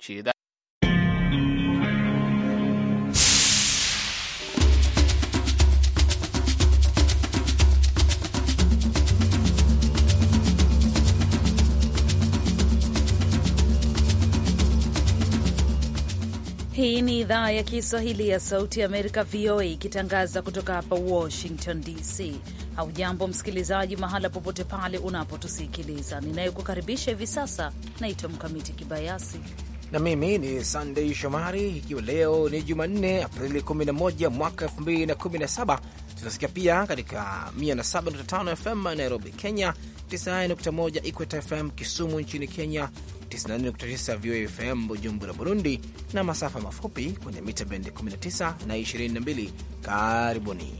Chida. Hii ni idhaa ya Kiswahili ya Sauti ya Amerika, VOA, ikitangaza kutoka hapa Washington DC. Haujambo msikilizaji, mahala popote pale unapotusikiliza. Ninayekukaribisha hivi sasa naitwa Mkamiti Kibayasi na mimi ni Sandei Shomari. Ikiwa leo ni Jumanne, Aprili 11 mwaka 2017, tunasikia pia katika 107.5 FM Nairobi, Kenya, 91 Equator FM Kisumu nchini Kenya, 94.9 VOA FM Bujumbura, Burundi, na masafa mafupi kwenye mita bendi 19 na 22. Karibuni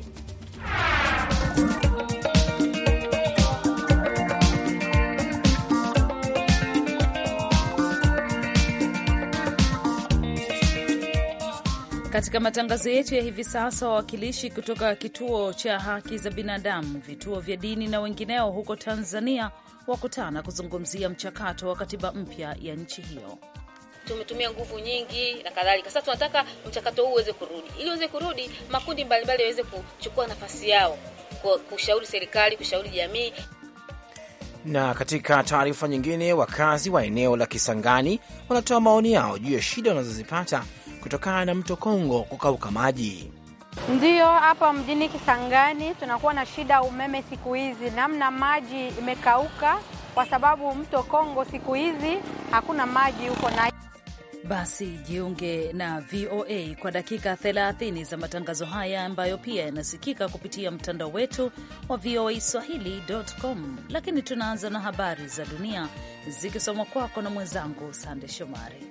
Katika matangazo yetu ya hivi sasa, wawakilishi kutoka kituo cha haki za binadamu, vituo vya dini na wengineo huko Tanzania wakutana kuzungumzia mchakato wa katiba mpya ya nchi hiyo. Tumetumia nguvu nyingi na kadhalika. Sasa tunataka mchakato huu uweze kurudi, ili uweze kurudi, makundi mbalimbali yaweze kuchukua nafasi yao, kushauri serikali, kushauri jamii. Na katika taarifa nyingine, wakazi wa eneo la Kisangani wanatoa maoni yao juu ya shida wanazozipata kutokana na mto Kongo kukauka maji. Ndiyo, hapa mjini Kisangani tunakuwa na shida ya umeme siku hizi, namna maji imekauka kwa sababu mto Kongo siku hizi hakuna maji huko na basi jiunge na VOA kwa dakika 30 za matangazo haya ambayo pia yanasikika kupitia mtandao wetu wa VOA Swahili.com. Lakini tunaanza na habari za dunia zikisomwa kwako na mwenzangu Sande Shomari.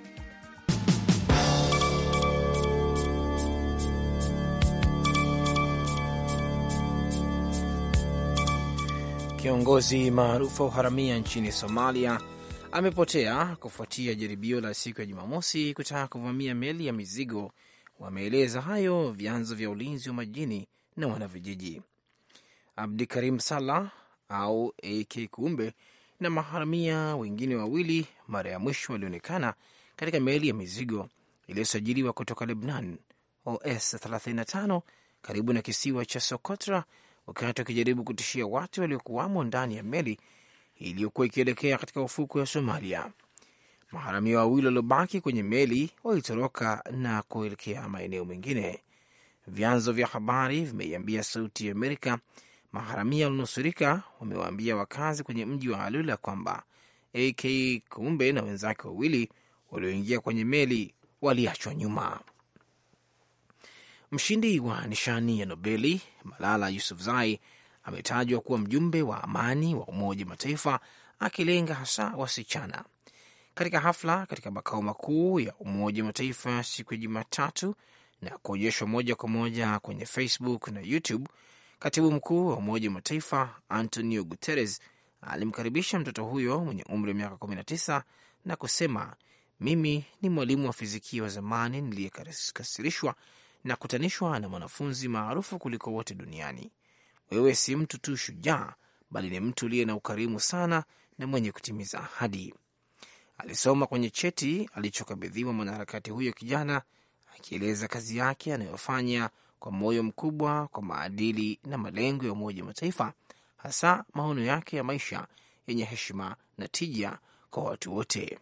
Kiongozi maarufu wa uharamia nchini Somalia amepotea kufuatia jaribio la siku ya Jumamosi kutaka kuvamia meli ya mizigo. Wameeleza hayo vyanzo vya ulinzi wa majini na wanavijiji. Abdikarim Salah au AK Kuumbe na maharamia wengine wawili mara ya mwisho walionekana katika meli ya mizigo iliyosajiliwa kutoka Lebnan OS 35 karibu na kisiwa cha Sokotra wakati wakijaribu kutishia watu waliokuwamo ndani ya meli iliyokuwa ikielekea katika ufukwe wa Somalia. Maharamia wawili waliobaki kwenye meli walitoroka na kuelekea maeneo mengine. Vyanzo vya habari vimeiambia Sauti ya Amerika maharamia walionusurika wamewaambia wakazi kwenye mji wa Alula kwamba AK Kumbe na wenzake wawili walioingia kwenye meli waliachwa nyuma. Mshindi wa nishani ya Nobeli Malala Yusufzai ametajwa kuwa mjumbe wa amani wa Umoja wa Mataifa, akilenga hasa wasichana. Katika hafla katika makao makuu ya Umoja wa Mataifa siku ya Jumatatu na kuonyeshwa moja kwa moja kwenye Facebook na YouTube, katibu mkuu wa Umoja wa Mataifa Antonio Guterres alimkaribisha mtoto huyo mwenye umri wa miaka 19 na kusema, mimi ni mwalimu wa fizikia wa zamani niliyekasirishwa na kutanishwa na mwanafunzi maarufu kuliko wote duniani. Wewe si mtu tu shujaa, bali ni mtu uliye na ukarimu sana na mwenye kutimiza ahadi. Alisoma kwenye cheti alichokabidhiwa mwanaharakati huyo kijana, akieleza kazi yake anayofanya kwa moyo mkubwa kwa maadili na malengo ya Umoja wa Mataifa, hasa maono yake ya maisha yenye heshima na tija kwa watu wote.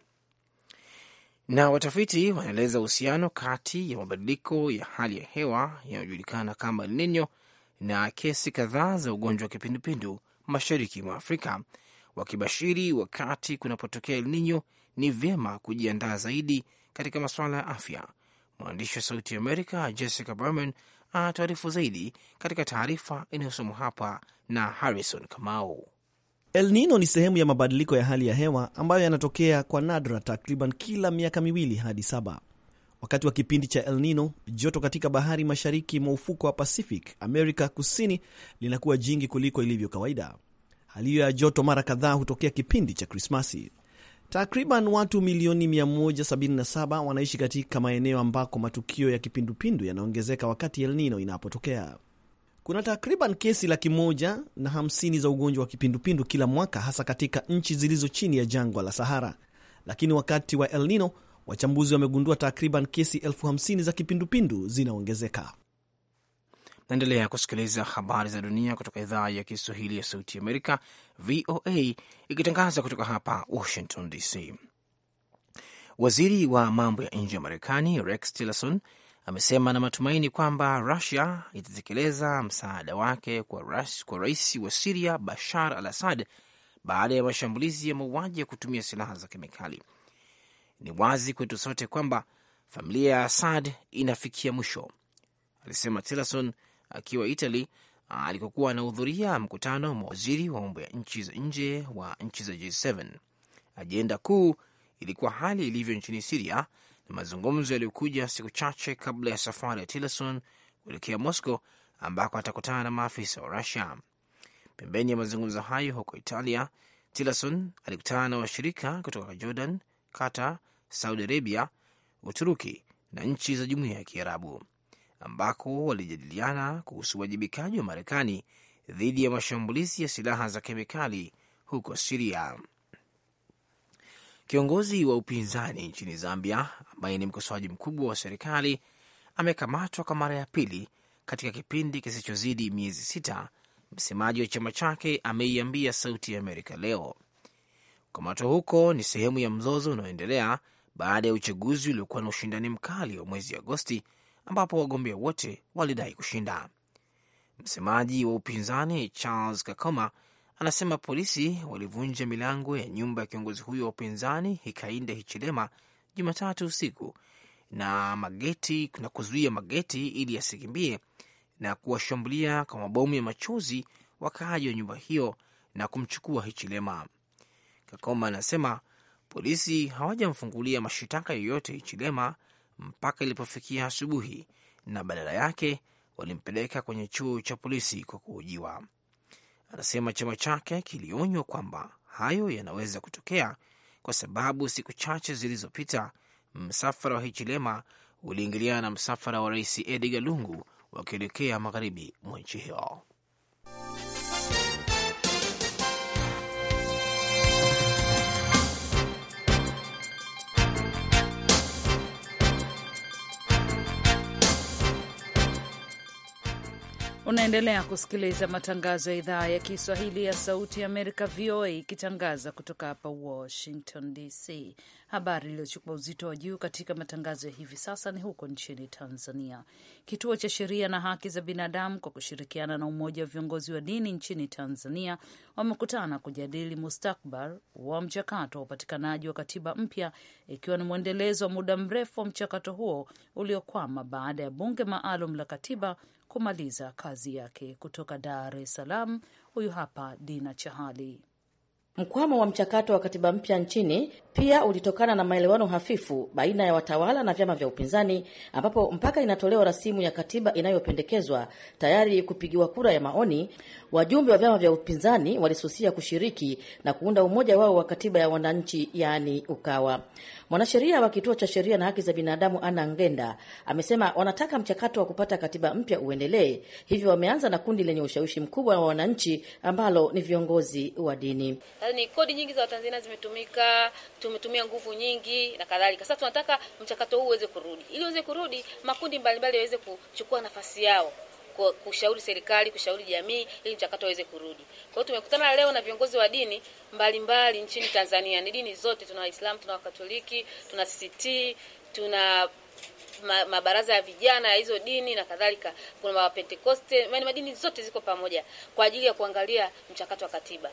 Na watafiti wanaeleza uhusiano kati ya mabadiliko ya hali ya hewa yanayojulikana kama El Nino na kesi kadhaa za ugonjwa wa kipindupindu mashariki mwa Afrika, wakibashiri wakati kunapotokea El Nino ni vyema kujiandaa zaidi katika masuala ya afya. Mwandishi wa Sauti ya Amerika Jessica Berman anataarifu zaidi katika taarifa inayosomwa hapa na Harrison Kamau. El Nino ni sehemu ya mabadiliko ya hali ya hewa ambayo yanatokea kwa nadra takriban kila miaka miwili hadi saba. Wakati wa kipindi cha El Nino, joto katika bahari mashariki mwa ufuko wa Pacific Amerika Kusini linakuwa jingi kuliko ilivyo kawaida. Hali hiyo ya joto mara kadhaa hutokea kipindi cha Krismasi. Takriban watu milioni 177 wanaishi katika maeneo ambako matukio ya kipindupindu yanaongezeka wakati El Nino inapotokea. Kuna takriban kesi laki moja na hamsini za ugonjwa wa kipindupindu kila mwaka, hasa katika nchi zilizo chini ya jangwa la Sahara. Lakini wakati wa El Nino wachambuzi wamegundua takriban kesi elfu hamsini za kipindupindu zinaongezeka. Naendelea kusikiliza habari za dunia kutoka idhaa ya Kiswahili ya Sauti Amerika, VOA, ikitangaza kutoka hapa Washington DC. Waziri wa mambo ya nje wa Marekani Rex Tillerson amesema na matumaini kwamba Rusia itatekeleza msaada wake kwa rais, kwa rais wa Siria Bashar al Assad baada ya mashambulizi ya mauaji ya kutumia silaha za kemikali. Ni wazi kwetu sote kwamba familia ya Assad inafikia mwisho, alisema Tillerson akiwa Italy alikokuwa anahudhuria mkutano wa mawaziri wa mambo ya nchi za nje wa nchi za G7. Ajenda kuu ilikuwa hali ilivyo nchini Siria na mazungumzo yaliyokuja siku chache kabla ya safari ya Tillerson kuelekea Moscow ambako atakutana na maafisa wa Rusia. Pembeni ya mazungumzo hayo huko Italia, Tillerson alikutana na washirika kutoka Jordan, Qatar, Saudi Arabia, Uturuki na nchi za Jumuiya ya Kiarabu ambako walijadiliana kuhusu uwajibikaji wa Marekani dhidi ya mashambulizi ya silaha za kemikali huko Siria. Kiongozi wa upinzani nchini Zambia ambaye ni mkosoaji mkubwa wa serikali amekamatwa kwa mara ya pili katika kipindi kisichozidi miezi sita. Msemaji wa chama chake ameiambia Sauti ya Amerika leo kukamatwa huko ni sehemu ya mzozo unaoendelea baada ya uchaguzi uliokuwa na ushindani mkali wa mwezi Agosti ambapo wagombea wote walidai kushinda. Msemaji wa upinzani Charles Kakoma anasema polisi walivunja milango ya nyumba ya kiongozi huyo wa upinzani Hikainde Hichilema Jumatatu usiku na mageti na kuzuia mageti ili yasikimbie na kuwashambulia kwa mabomu ya machozi wakaaji wa nyumba hiyo na kumchukua Hichilema. Kakoma anasema polisi hawajamfungulia mashitaka yoyote Hichilema mpaka ilipofikia asubuhi, na badala yake walimpeleka kwenye chuo cha polisi kwa kuhojiwa anasema chama chake kilionywa kwamba hayo yanaweza kutokea kwa sababu siku chache zilizopita msafara wa Hichilema uliingiliana na msafara wa rais Edgar Lungu wakielekea magharibi mwa nchi hiyo. Unaendelea kusikiliza matangazo ya idhaa ya Kiswahili ya Sauti ya Amerika, VOA, ikitangaza kutoka hapa Washington DC. Habari iliyochukua uzito wa juu katika matangazo ya hivi sasa ni huko nchini Tanzania. Kituo cha Sheria na Haki za Binadamu kwa kushirikiana na Umoja wa Viongozi wa Dini nchini Tanzania wamekutana kujadili mustakbal wa mchakato wa upatikanaji wa katiba mpya, ikiwa ni mwendelezo wa muda mrefu wa mchakato huo uliokwama baada ya Bunge Maalum la Katiba kumaliza kazi yake. Kutoka Dar es Salaam, huyu hapa Dina Chahali. Mkwamo wa mchakato wa katiba mpya nchini pia ulitokana na maelewano hafifu baina ya watawala na vyama vya upinzani, ambapo mpaka inatolewa rasimu ya katiba inayopendekezwa tayari kupigiwa kura ya maoni, wajumbe wa vyama vya upinzani walisusia kushiriki na kuunda umoja wao wa katiba ya wananchi, yaani Ukawa. Mwanasheria wa Kituo cha Sheria na Haki za Binadamu Ana Ngenda amesema wanataka mchakato wa kupata katiba mpya uendelee, hivyo wameanza na kundi lenye ushawishi mkubwa wa wananchi ambalo ni viongozi wa dini. Eh, ni kodi nyingi za Watanzania zimetumika, tumetumia nguvu nyingi na kadhalika. Sasa tunataka mchakato huu uweze kurudi, ili uweze kurudi makundi mbalimbali yaweze kuchukua nafasi yao kushauri serikali, kushauri jamii ili mchakato aweze kurudi. Kwa hiyo tumekutana leo na viongozi wa dini mbalimbali mbali nchini Tanzania. Ni dini zote, tuna Waislamu, tuna Wakatoliki, tuna CCT, tuna ma, mabaraza ya vijana ya hizo dini na kadhalika, kuna Wapentekoste, yaani madini zote ziko pamoja kwa ajili ya kuangalia mchakato wa katiba.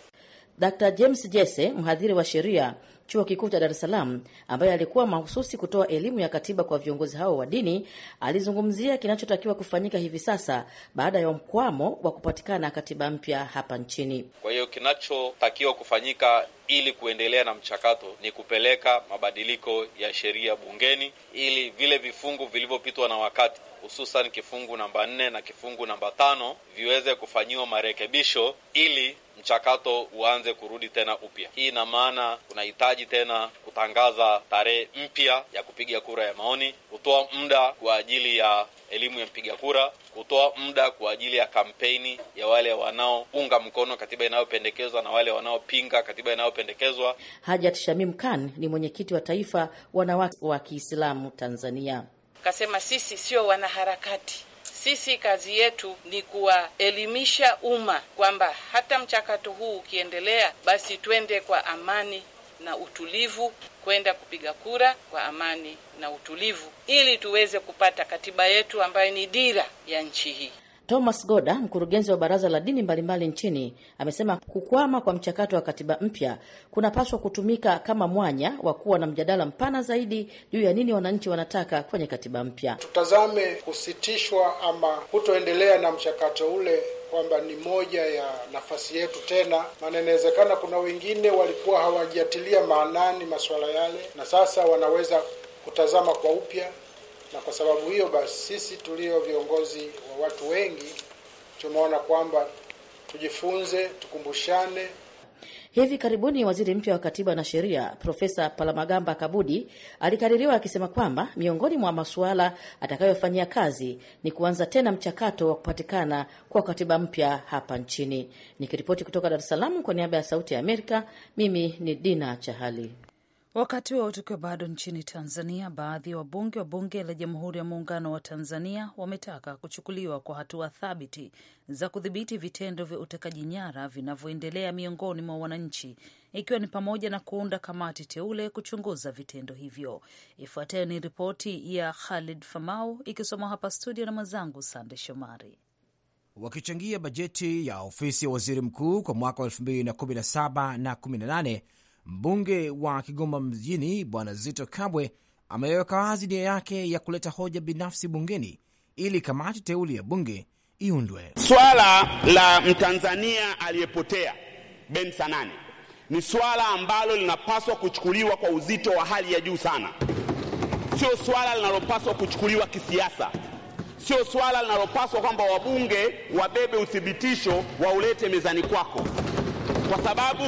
Dr. James Jesse, mhadhiri wa sheria chuo kikuu cha Dar es Salaam, ambaye alikuwa mahususi kutoa elimu ya katiba kwa viongozi hao wa dini, alizungumzia kinachotakiwa kufanyika hivi sasa baada ya mkwamo wa kupatikana katiba mpya hapa nchini. Kwa hiyo kinachotakiwa kufanyika ili kuendelea na mchakato ni kupeleka mabadiliko ya sheria bungeni ili vile vifungu vilivyopitwa na wakati hususan kifungu namba nne na kifungu namba tano viweze kufanyiwa marekebisho ili mchakato uanze kurudi tena upya. Hii ina maana unahitaji tena kutangaza tarehe mpya ya kupiga kura ya maoni, kutoa muda kwa ajili ya elimu ya mpiga kura, kutoa muda kwa ajili ya kampeni ya wale wanaounga mkono katiba inayopendekezwa na wale wanaopinga katiba inayopendekezwa. Hajat Shamim Khan ni mwenyekiti wa taifa wanawake wa Kiislamu Tanzania, kasema sisi sio wanaharakati sisi kazi yetu ni kuwaelimisha umma kwamba hata mchakato huu ukiendelea, basi twende kwa amani na utulivu kwenda kupiga kura kwa amani na utulivu, ili tuweze kupata katiba yetu ambayo ni dira ya nchi hii. Thomas Goda, mkurugenzi wa baraza la dini mbalimbali nchini, amesema kukwama kwa mchakato wa katiba mpya kunapaswa kutumika kama mwanya wa kuwa na mjadala mpana zaidi juu ya nini wananchi wanataka kwenye katiba mpya. Tutazame kusitishwa ama kutoendelea na mchakato ule kwamba ni moja ya nafasi yetu tena, maana inawezekana kuna wengine walikuwa hawajatilia maanani masuala yale, na sasa wanaweza kutazama kwa upya na kwa sababu hiyo basi sisi tulio viongozi wa watu wengi tumeona kwamba tujifunze, tukumbushane. Hivi karibuni waziri mpya wa katiba na sheria Profesa Palamagamba Kabudi alikaririwa akisema kwamba miongoni mwa masuala atakayofanyia kazi ni kuanza tena mchakato wa kupatikana kwa katiba mpya hapa nchini. Nikiripoti kutoka Dar es Salaam kwa niaba ya Sauti ya Amerika, mimi ni Dina Chahali. Wakati huo tukiwa bado nchini Tanzania, baadhi ya wabunge wa Bunge la Jamhuri ya Muungano wa Tanzania wametaka kuchukuliwa kwa hatua thabiti za kudhibiti vitendo vya utekaji nyara vinavyoendelea miongoni mwa wananchi, ikiwa ni pamoja na kuunda kamati teule kuchunguza vitendo hivyo. Ifuatayo ni ripoti ya Khalid Famau ikisoma hapa studio na mwenzangu Sande Shomari. Wakichangia bajeti ya ofisi ya waziri mkuu kwa mwaka wa 2017 na 18 Mbunge wa Kigoma Mjini Bwana Zito Kabwe ameweka wazi nia yake ya kuleta hoja binafsi bungeni ili kamati teuli ya bunge iundwe. Swala la Mtanzania aliyepotea Ben Sanane ni swala ambalo linapaswa kuchukuliwa kwa uzito wa hali ya juu sana, sio swala linalopaswa kuchukuliwa kisiasa, sio swala linalopaswa kwamba wabunge wabebe uthibitisho waulete mezani kwako, kwa sababu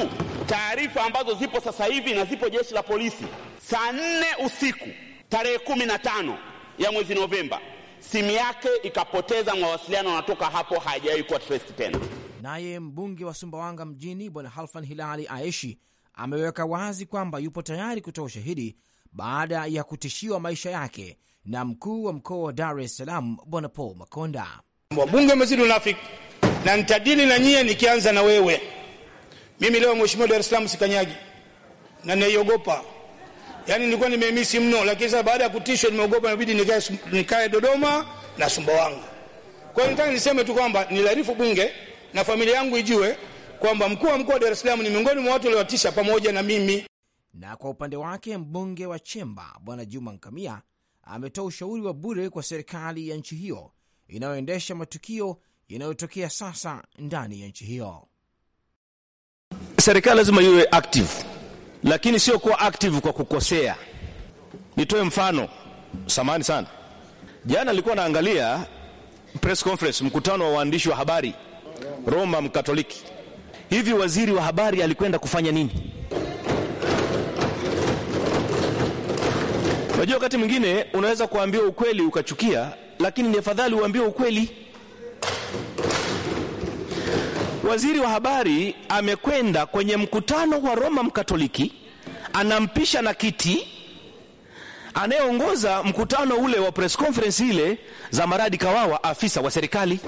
taarifa ambazo zipo sasa hivi na zipo jeshi la polisi, saa nne usiku tarehe kumi na tano ya mwezi Novemba simu yake ikapoteza mawasiliano, anatoka hapo hajawahi kuwa tresti tena. Naye mbunge wa Sumbawanga mjini Bwana Halfan Hilali Aeshi ameweka wazi kwamba yupo tayari kutoa ushahidi baada ya kutishiwa maisha yake na mkuu wa mkoa wa Dar es Salaam Bwana Paul Makonda. Wabunge wamezidi unafiki na nitadili na nyie, nikianza na wewe mimi leo mheshimiwa, Dar es Salaam sikanyagi na naiogopa, yaani nilikuwa nimeemisi mno, lakini sasa baada ya kutishwa nimeogopa, inabidi nikae nikae Dodoma na wangu. Kwa hiyo nataka niseme tu kwamba nilarifu bunge na familia yangu ijue kwamba mkuu wa mkoa wa Dar es Salaam ni miongoni mwa watu waliowatisha pamoja na mimi. Na kwa upande wake mbunge wa Chemba Bwana Juma Nkamia ametoa ushauri wa bure kwa serikali ya nchi hiyo inayoendesha matukio yanayotokea sasa ndani ya nchi hiyo serikali lazima iwe active, lakini sio kuwa active kwa kukosea. Nitoe mfano, samahani sana. Jana nilikuwa naangalia press conference, mkutano wa waandishi wa habari Roma Mkatoliki. Hivi waziri wa habari alikwenda kufanya nini? Unajua, wakati mwingine unaweza kuambiwa ukweli ukachukia, lakini ni afadhali uambiwe ukweli waziri wa habari amekwenda kwenye mkutano wa Roma Mkatoliki, anampisha na kiti anayeongoza mkutano ule wa press conference ile za Maradi Kawawa, afisa wa serikali.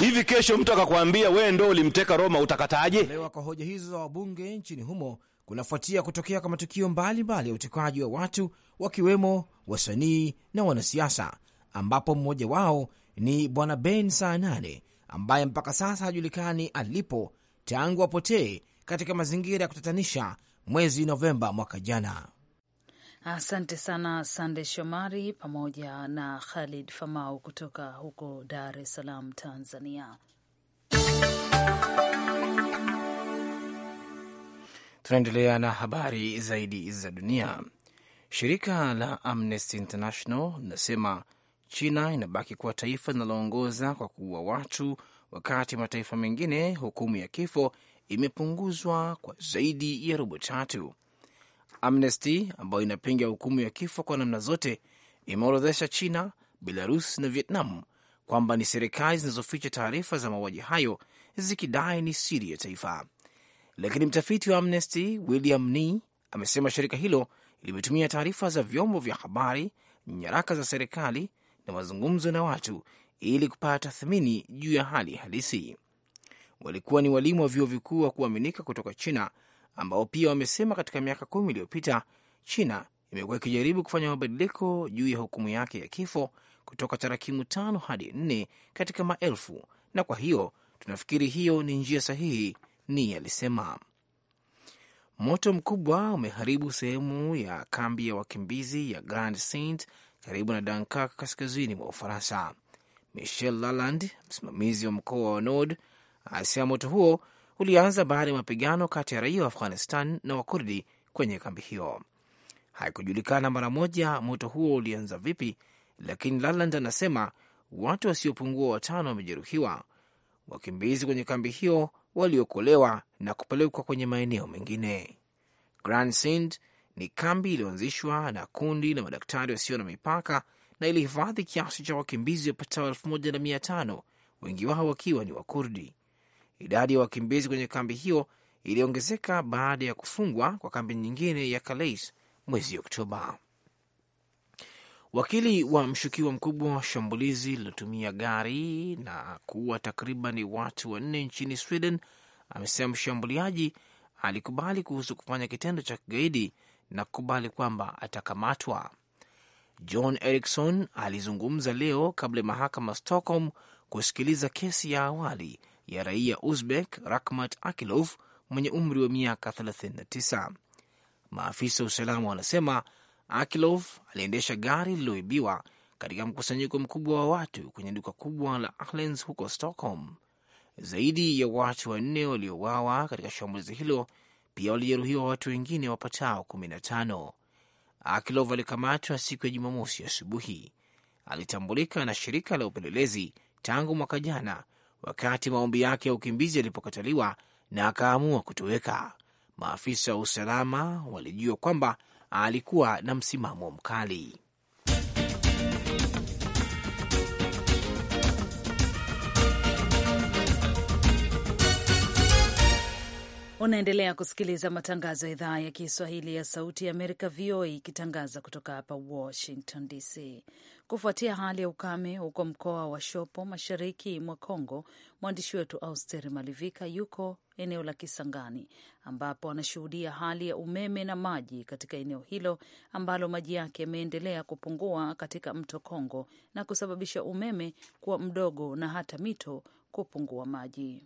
Hivi kesho mtu akakwambia wewe ndo ulimteka Roma, utakataje? Kutolewa kwa hoja hizo za wabunge nchini humo kunafuatia kutokea kwa matukio mbalimbali ya utekaji wa watu wakiwemo wasanii na wanasiasa, ambapo mmoja wao ni bwana Ben saa nane ambaye mpaka sasa hajulikani alipo tangu apotee katika mazingira ya kutatanisha mwezi Novemba mwaka jana. Asante sana Sande Shomari pamoja na Khalid Famau kutoka huko Dar es Salaam, Tanzania. Tunaendelea na habari zaidi za dunia. Shirika la Amnesty International linasema China inabaki kuwa taifa linaloongoza kwa kuua watu, wakati mataifa mengine hukumu ya kifo imepunguzwa kwa zaidi ya robo tatu. Amnesty ambayo inapinga hukumu ya kifo kwa namna zote imeorodhesha China, Belarus na Vietnam kwamba ni serikali zinazoficha taarifa za mauaji hayo zikidai ni siri ya taifa. Lakini mtafiti wa Amnesty William Nee amesema shirika hilo limetumia taarifa za vyombo vya habari, nyaraka za serikali na mazungumzo na watu ili kupata tathmini juu ya hali halisi. Walikuwa ni walimu wa vyuo vikuu wa kuaminika kutoka China ambao pia wamesema katika miaka kumi iliyopita China imekuwa ikijaribu kufanya mabadiliko juu ya hukumu yake ya kifo kutoka tarakimu tano hadi nne katika maelfu, na kwa hiyo tunafikiri hiyo ni njia sahihi, ni alisema. Moto mkubwa umeharibu sehemu ya kambi ya wakimbizi ya Grand Saint karibu na Dunkirk kaskazini mwa Ufaransa. Michel Laland, msimamizi wa mkoa wa Nord, anasema moto huo ulianza baada ya mapigano kati ya raia wa Afghanistan na Wakurdi kwenye kambi hiyo. Haikujulikana mara moja moto huo ulianza vipi, lakini Laland anasema watu wasiopungua watano wamejeruhiwa. Wakimbizi kwenye kambi hiyo waliokolewa na kupelekwa kwenye maeneo mengine. Grand Sind ni kambi iliyoanzishwa na kundi la madaktari wasio na mipaka na ilihifadhi kiasi cha wakimbizi wapatao elfu moja na mia tano, wengi wao wakiwa ni Wakurdi. Idadi ya wakimbizi kwenye kambi hiyo iliongezeka baada ya kufungwa kwa kambi nyingine ya Kalais mwezi Oktoba. Wakili wa mshukiwa mkubwa wa shambulizi lililotumia gari na kuua takriban watu wanne nchini Sweden amesema mshambuliaji alikubali kuhusu kufanya kitendo cha kigaidi na kukubali kwamba atakamatwa. John Erickson alizungumza leo kabla ya mahakama Stockholm kusikiliza kesi ya awali ya raia Uzbek Rakhmat Akilov mwenye umri wa miaka 39. Maafisa wa usalama wanasema Akilov aliendesha gari lililoibiwa katika mkusanyiko mkubwa wa watu kwenye duka kubwa la Ahlens huko Stockholm. Zaidi ya watu wanne waliouawa katika shambulizi hilo pia walijeruhiwa watu wengine wapatao kumi na tano. Akilov alikamatwa siku ya Jumamosi asubuhi. Alitambulika na shirika la upelelezi tangu mwaka jana, wakati maombi yake ya ukimbizi yalipokataliwa na akaamua kutoweka. Maafisa wa usalama walijua kwamba alikuwa na msimamo mkali. Unaendelea kusikiliza matangazo ya idhaa ya Kiswahili ya Sauti ya Amerika, VOA, ikitangaza kutoka hapa Washington DC. Kufuatia hali ya ukame huko mkoa wa Shopo, mashariki mwa congo mwandishi wetu Austeri Malivika yuko eneo la Kisangani ambapo anashuhudia hali ya umeme na maji katika eneo hilo ambalo maji yake yameendelea kupungua katika mto congo na kusababisha umeme kuwa mdogo na hata mito kupungua maji.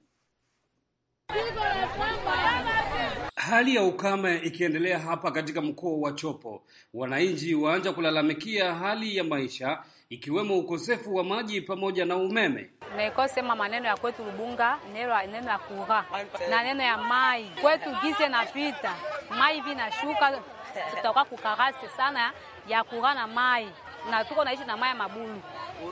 Hali ya ukame ikiendelea hapa katika mkoa wa Chopo, wananchi waanza kulalamikia hali ya maisha ikiwemo ukosefu wa maji pamoja na umeme. Mekosema maneno ya kwetu Lubunga, neno ya kugha na neno ya mai kwetu gize napita mai vinashuka, tutakuwa kukarasi sana ya kugha na mai na tuko naishi na mai ya mabulu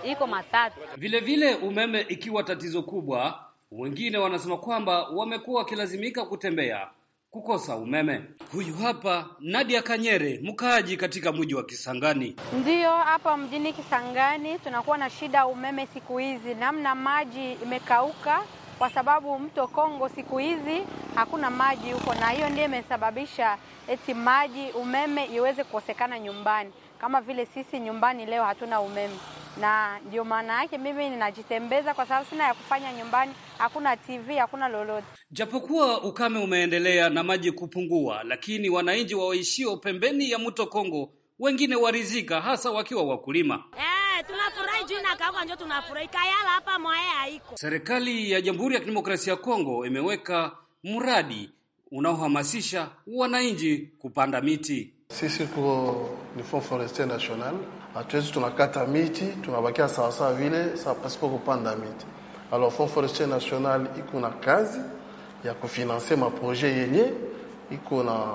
iko matatu. Vilevile umeme ikiwa tatizo kubwa wengine wanasema kwamba wamekuwa wakilazimika kutembea kukosa umeme. Huyu hapa Nadia Kanyere, mkaaji katika mji wa Kisangani. Ndiyo, hapa mjini Kisangani tunakuwa na shida umeme siku hizi, namna maji imekauka kwa sababu mto Kongo siku hizi hakuna maji huko, na hiyo ndiyo imesababisha eti maji, umeme iweze kukosekana nyumbani, kama vile sisi nyumbani leo hatuna umeme na ndio maana yake mimi ninajitembeza kwa sababu sina ya kufanya nyumbani, hakuna TV, hakuna lolote. Japokuwa ukame umeendelea na maji kupungua, lakini wananchi waishio pembeni ya mto Kongo wengine warizika, hasa wakiwa wakulima. Ah, tunafurahi juu inakaangwa njoo tunafurahi kayala hapa mwae haiko. Serikali ya Jamhuri ya Kidemokrasia ya Kongo imeweka mradi unaohamasisha wananchi kupanda miti. Sisi tuko ni Fond Forestier National, hatuwezi tunakata miti tunabakia sawasawa vile sawa pasipo kupanda miti. Alors Fond Forestier National iko na kazi ya kufinanse maproje yenye iko na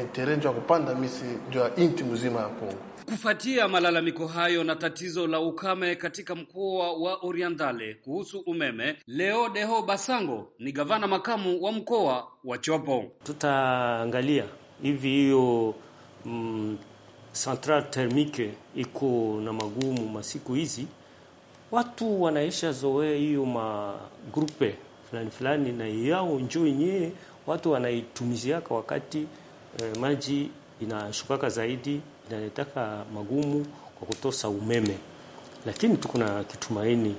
intere njo ya kupanda miti njo ya inti mzima ya Kongo. Kufuatia malalamiko hayo na tatizo la ukame katika mkoa wa Orientale kuhusu umeme, leo Deho Basango ni gavana makamu wa mkoa wa Chopo. Tutaangalia hivi hiyo mm, central thermique iko na magumu masiku hizi, watu wanaisha zoea hiyo magrupe fulani fulani na yao njoo yenyewe watu wanaitumiziaka wakati eh, maji inashukaka zaidi inaletaka magumu kwa kutosa umeme, lakini tuko na kitumaini,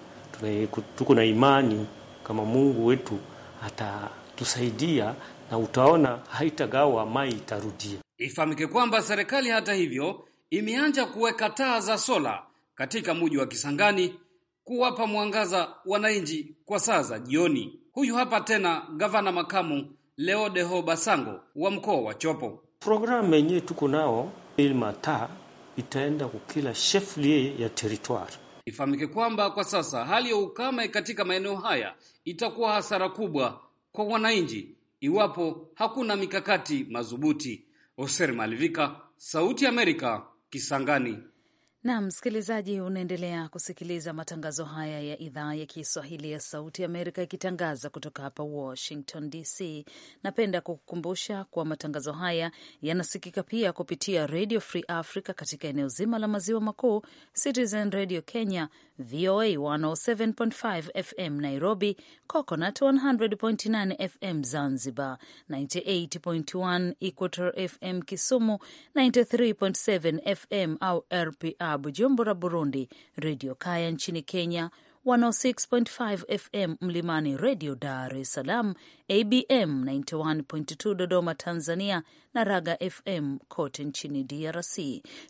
tuko na imani kama Mungu wetu atatusaidia na utaona haitagawa mai itarudia. Ifahamike kwamba serikali hata hivyo imeanza kuweka taa za sola katika mji wa Kisangani kuwapa mwangaza wananchi kwa saa za jioni. Huyu hapa tena gavana makamu leo deho Basango wa mkoa wa Chopo. Programu yenyewe tuko nao ili mata itaenda kukila shefli ya teritwari. Ifahamike kwamba kwa sasa hali ya ukame katika maeneo haya itakuwa hasara kubwa kwa wananchi iwapo hakuna mikakati madhubuti. Oser Malivika, Sauti ya Amerika, Kisangani na msikilizaji, unaendelea kusikiliza matangazo haya ya idhaa ya Kiswahili ya Sauti Amerika ikitangaza kutoka hapa Washington DC. Napenda kukukumbusha kuwa matangazo haya yanasikika pia kupitia Radio Free Africa katika eneo zima la maziwa makuu, Citizen Radio Kenya, VOA 107.5 FM Nairobi, Coconut 100.9 FM Zanzibar, 98.1 Equator FM Kisumu, 93.7 FM au RPA saa Bujumbura, Burundi, Redio Kaya nchini Kenya, 106.5 FM Mlimani Redio Dar es Salaam ABM 91.2 Dodoma, Tanzania na Raga FM kote nchini DRC.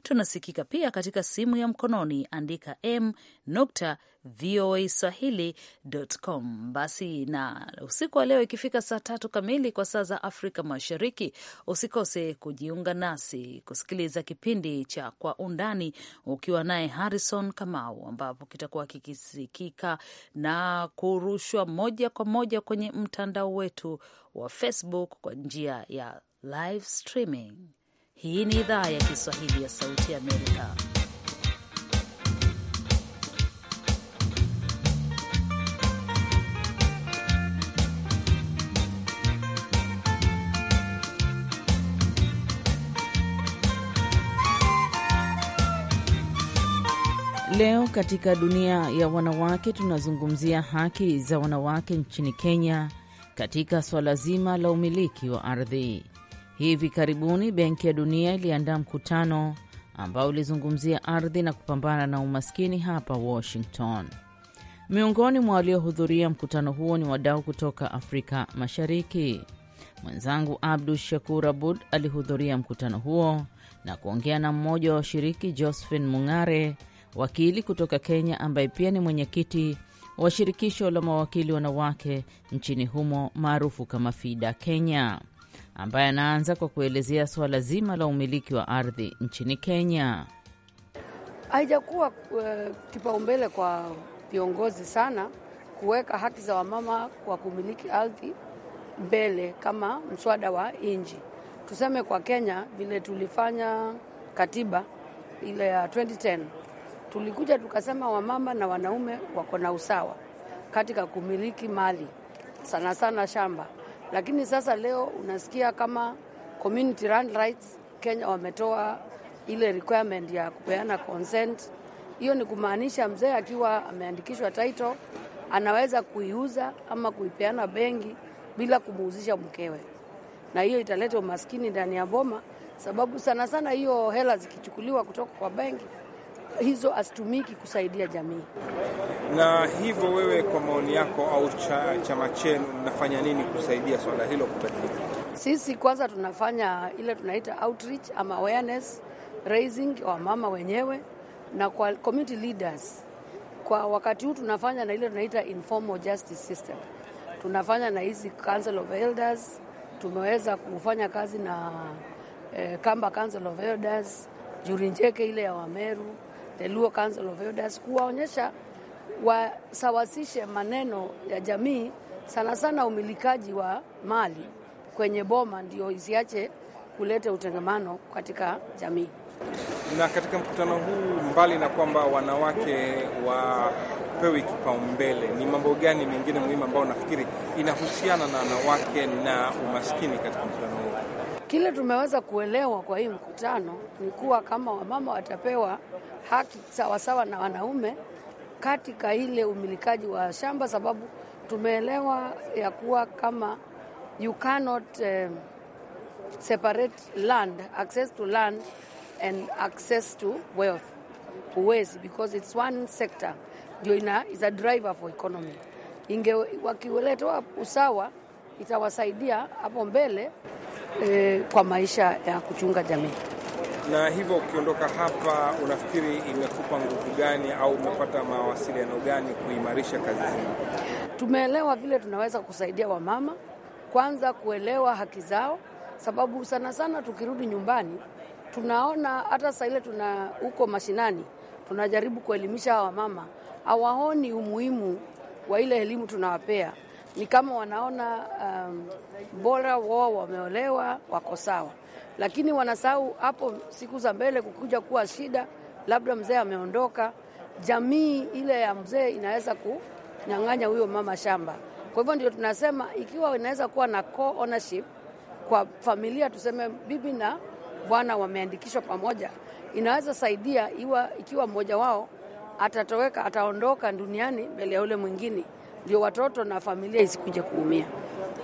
Tunasikika pia katika simu ya mkononi, andika m nukta voa swahili.com. Basi na usiku wa leo ikifika saa tatu kamili kwa saa za Afrika Mashariki, usikose kujiunga nasi kusikiliza kipindi cha Kwa Undani ukiwa naye Harrison Kamau, ambapo kitakuwa kikisikika na kurushwa moja kwa moja kwenye mtandao wetu wetu wa Facebook kwa njia ya live streaming. Hii ni idhaa ya Kiswahili ya Sauti Amerika. Leo katika dunia ya wanawake tunazungumzia haki za wanawake nchini Kenya katika suala zima la umiliki wa ardhi. Hivi karibuni Benki ya Dunia iliandaa mkutano ambao ulizungumzia ardhi na kupambana na umaskini hapa Washington. Miongoni mwa waliohudhuria mkutano huo ni wadau kutoka Afrika Mashariki. Mwenzangu Abdu Shakur Abud alihudhuria mkutano huo na kuongea na mmoja wa washiriki, Josephine Mung'are, wakili kutoka Kenya, ambaye pia ni mwenyekiti wa shirikisho la mawakili wanawake nchini humo maarufu kama FIDA Kenya, ambaye anaanza kwa kuelezea suala zima la umiliki wa ardhi nchini Kenya. Haijakuwa eh, kipaumbele kwa viongozi sana kuweka haki za wamama kwa kumiliki ardhi mbele kama mswada wa nji Tuseme kwa Kenya vile tulifanya katiba ile ya 2010 Tulikuja tukasema wamama na wanaume wako na usawa katika kumiliki mali, sana sana shamba. Lakini sasa leo unasikia kama community land rights Kenya wametoa ile requirement ya kupeana consent. Hiyo ni kumaanisha mzee akiwa ameandikishwa title anaweza kuiuza ama kuipeana benki bila kumuhuzisha mkewe, na hiyo italeta umaskini ndani ya boma, sababu sana sana hiyo hela zikichukuliwa kutoka kwa benki hizo hazitumiki kusaidia jamii. Na hivyo wewe, kwa maoni yako au chama chenu, mnafanya nini kusaidia swala hilo kubadilika? Sisi kwanza tunafanya ile tunaita outreach ama awareness raising mama wenyewe na kwa community leaders. Kwa wakati huu tunafanya na ile tunaita informal justice system, tunafanya na hizi council of elders. Tumeweza kufanya kazi na eh, Kamba Council of Elders, Jurinjeke ile ya Wameru the Luo Council of Elders kuwaonyesha wasawasishe maneno ya jamii, sana sana umilikaji wa mali kwenye boma, ndio isiache kuleta utengemano katika jamii. Na katika mkutano huu, mbali na kwamba wanawake wapewi kipaumbele, ni mambo gani mengine muhimu ambayo nafikiri inahusiana na wanawake na umaskini katika mkutano huu? Kile tumeweza kuelewa kwa hii mkutano ni kuwa kama wamama watapewa haki sawasawa na wanaume katika ile umilikaji wa shamba, sababu tumeelewa ya kuwa kama you cannot uh, separate land access to land and access to wealth, huwezi because it's one sector ndio ina is a driver for economy. Inge wakiletewa usawa itawasaidia hapo mbele e, kwa maisha ya kuchunga jamii. Na hivyo ukiondoka hapa, unafikiri imekupa nguvu gani au umepata mawasiliano gani kuimarisha kazi zenu? Tumeelewa vile tunaweza kusaidia wamama, kwanza kuelewa haki zao, sababu sana sana tukirudi nyumbani tunaona hata saa ile tuna huko mashinani tunajaribu kuelimisha hawa mama, hawaoni umuhimu wa ile elimu tunawapea ni kama wanaona um, bora wao wameolewa wako sawa, lakini wanasahau hapo siku za mbele kukuja kuwa shida, labda mzee ameondoka, jamii ile ya mzee inaweza kunyang'anya huyo mama shamba. Kwa hivyo ndio tunasema ikiwa inaweza kuwa na co-ownership kwa familia, tuseme bibi na bwana wameandikishwa pamoja, inaweza saidia iwa, ikiwa mmoja wao atatoweka, ataondoka duniani mbele ya ule mwingine ndio watoto na familia isikuje kuumia.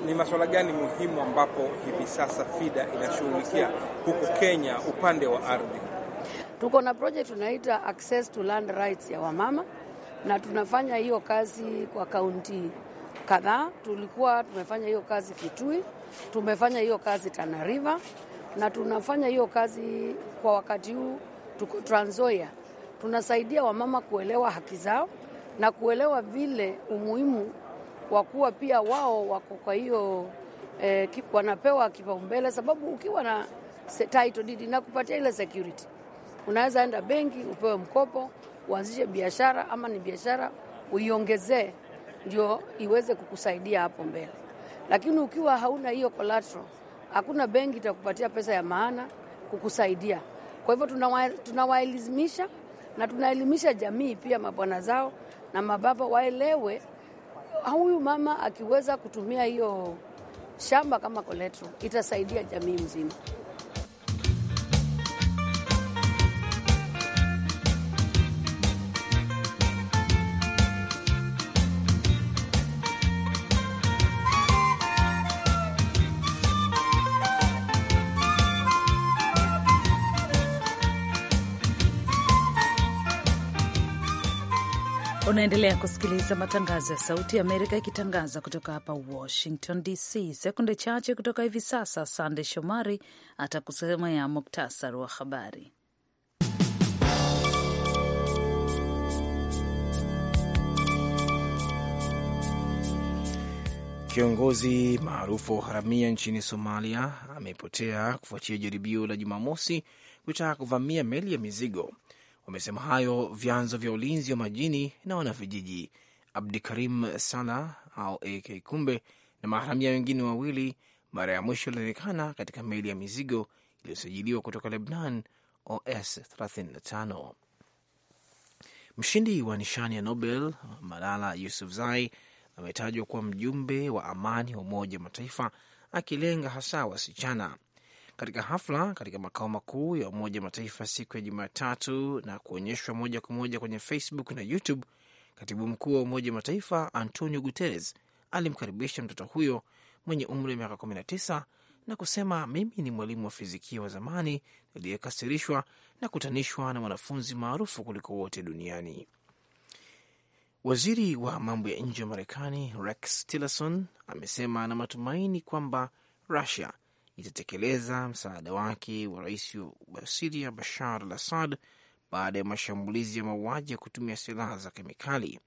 Ni masuala gani muhimu ambapo hivi sasa FIDA inashughulikia huku Kenya upande wa ardhi? Tuko na project tunaita access to land rights ya wamama, na tunafanya hiyo kazi kwa kaunti kadhaa. Tulikuwa tumefanya hiyo kazi Kitui, tumefanya hiyo kazi Tana River, na tunafanya hiyo kazi kwa wakati huu tuko Trans Nzoia. Tunasaidia wamama kuelewa haki zao na kuelewa vile umuhimu wa kuwa pia wao wako kwa hiyo e, wanapewa kipaumbele, sababu ukiwa na title deed kupatia ile security. Unaweza enda benki upewe mkopo uanzishe biashara ama ni biashara uiongezee, ndio iweze kukusaidia hapo mbele. Lakini ukiwa hauna hiyo collateral, hakuna benki itakupatia pesa ya maana kukusaidia. Kwa hivyo tunawaelimisha, tunawa na tunaelimisha jamii pia mabwana zao na mababa waelewe, huyu mama akiweza kutumia hiyo shamba kama koletro itasaidia jamii mzima. Unaendelea kusikiliza matangazo ya Sauti ya Amerika ikitangaza kutoka hapa Washington DC. Sekunde chache kutoka hivi sasa, Sande Shomari ya muktasari wa habari. Kiongozi maarufu wa uharamia nchini Somalia amepotea kufuatia jaribio la Jumamosi kutaka kuvamia meli ya mizigo Wamesema hayo vyanzo vya ulinzi wa majini na wanavijiji. Abdikarim Salah au AK Kumbe na maharamia wengine wawili mara ya mwisho ilionekana katika meli ya mizigo iliyosajiliwa kutoka Lebnan OS 35. Mshindi wa nishani ya Nobel Malala zai ametajwa kuwa mjumbe wa amani wa Umoja wa Mataifa, akilenga hasa wasichana katika hafla katika makao makuu ya Umoja Mataifa siku ya Jumatatu na kuonyeshwa moja kwa moja kwenye Facebook na YouTube. Katibu mkuu wa Umoja Mataifa Antonio Guterres alimkaribisha mtoto huyo mwenye umri wa miaka 19 na kusema, mimi ni mwalimu wa fizikia wa zamani niliyekasirishwa na kutanishwa na mwanafunzi maarufu kuliko wote duniani. Waziri wa mambo ya nje wa Marekani Rex Tillerson amesema ana matumaini kwamba Rusia itatekeleza msaada wake wa rais wa Siria Bashar al Assad baada ya mashambulizi ya mauaji ya kutumia silaha za kemikali.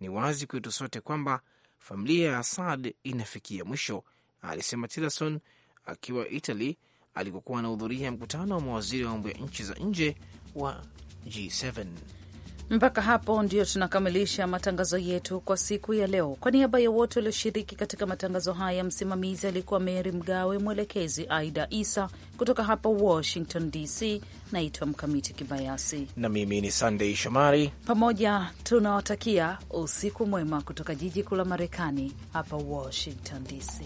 Ni wazi kwetu sote kwamba familia ya Assad inafikia mwisho, alisema Tillerson akiwa Italy alikokuwa anahudhuria mkutano wa mawaziri wa mambo ya nchi za nje wa G7. Mpaka hapo ndio tunakamilisha matangazo yetu kwa siku ya leo. Kwa niaba ya wote walioshiriki katika matangazo haya, msimamizi alikuwa Meri Mgawe, mwelekezi Aida Isa. Kutoka hapa Washington DC, naitwa Mkamiti Kibayasi na mimi ni Sandei Shomari. Pamoja tunawatakia usiku mwema kutoka jiji kuu la Marekani, hapa Washington DC.